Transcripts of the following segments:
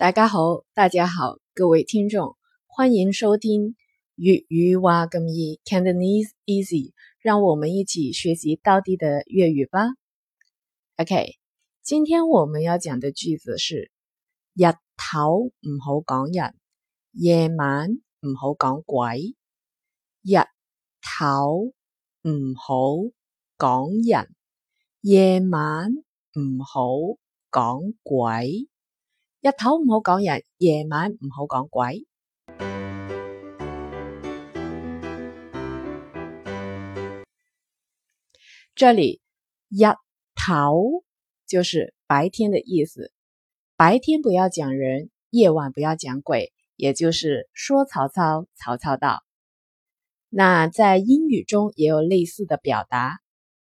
大家好，大家好，各位聽眾，歡迎收聽粵語話咁易 c a n t i n e s e Easy）。讓我們一起學習到底的粵語吧。OK，今天我們要講的句子是：日頭唔好講人，夜晚唔好講鬼。日頭唔好講人，夜晚唔好講鬼。日頭唔好講人，夜晚唔好講鬼。這裏日頭就是白天的意思，白天不要講人，夜晚不要講鬼，也就是說曹操曹操到。那在英語中也有類似的表達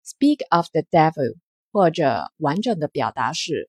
，speak of the devil，或者完整的表達是。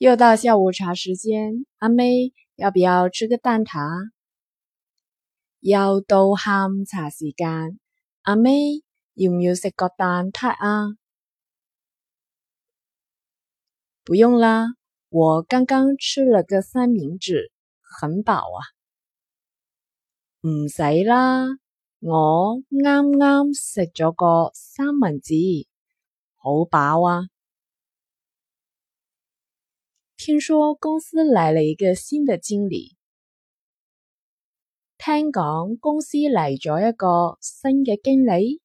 又到下午茶時間，阿 May 要不要吃個蛋撻？又到下午茶時間，阿 May 要唔要食個蛋撻啊？不用啦，我剛剛吃了個三明治，很飽啊。唔使啦，我啱啱食咗個三文治，好飽啊。聽說公司嚟了一個新的經理，聽講公司嚟咗一個新嘅經理。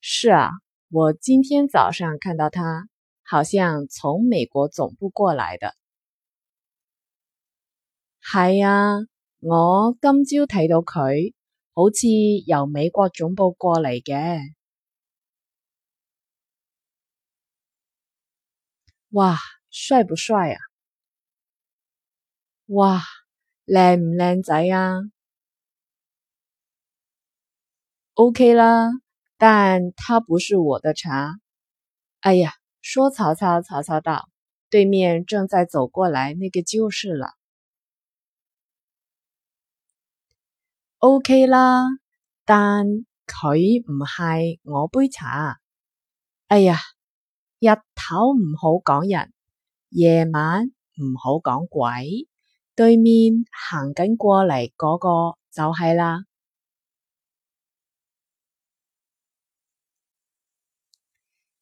是啊，我今天早上看到他，好像從美國總部過來的。係啊，我今朝睇到佢，好似由美國總部過嚟嘅。哇，帥不帥啊？哇，靚唔靚仔啊？OK 啦，但他不是我的茶。哎呀，說曹操，曹操到，對面正在走過來，那個就是了。OK 啦，但佢唔係我杯茶。哎呀。日頭唔好講人，夜晚唔好講鬼。對面行緊過嚟嗰個就係啦。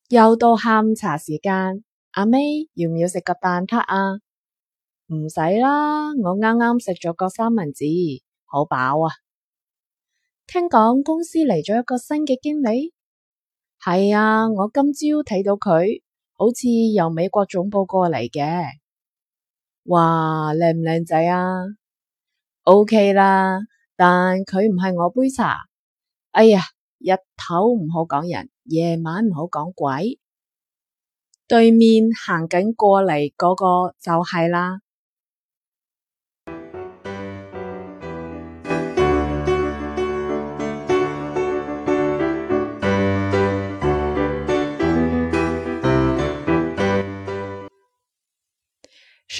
又到下午茶時間，阿 May，要唔要食個蛋撻啊？唔使啦，我啱啱食咗個三文治，好飽啊。聽講公司嚟咗一個新嘅經理？係啊，我今朝睇到佢，好似由美國總部過嚟嘅。哇，靚唔靚仔啊？OK 啦，但佢唔係我杯茶。哎呀，日頭唔好講人，夜晚唔好講鬼。對面行緊過嚟嗰個就係啦。